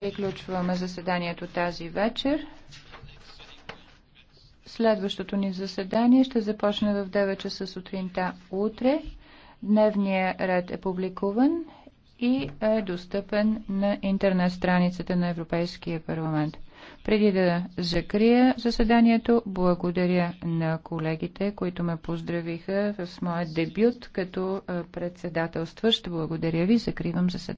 Приключваме заседанието тази вечер. Следващото ни заседание ще започне в 9 часа сутринта утре. Дневният ред е публикуван и е достъпен на интернет страницата на Европейския парламент. Преди да закрия заседанието, благодаря на колегите, които ме поздравиха с моят дебют като е, председателстващ. Благодаря ви, закривам заседанието.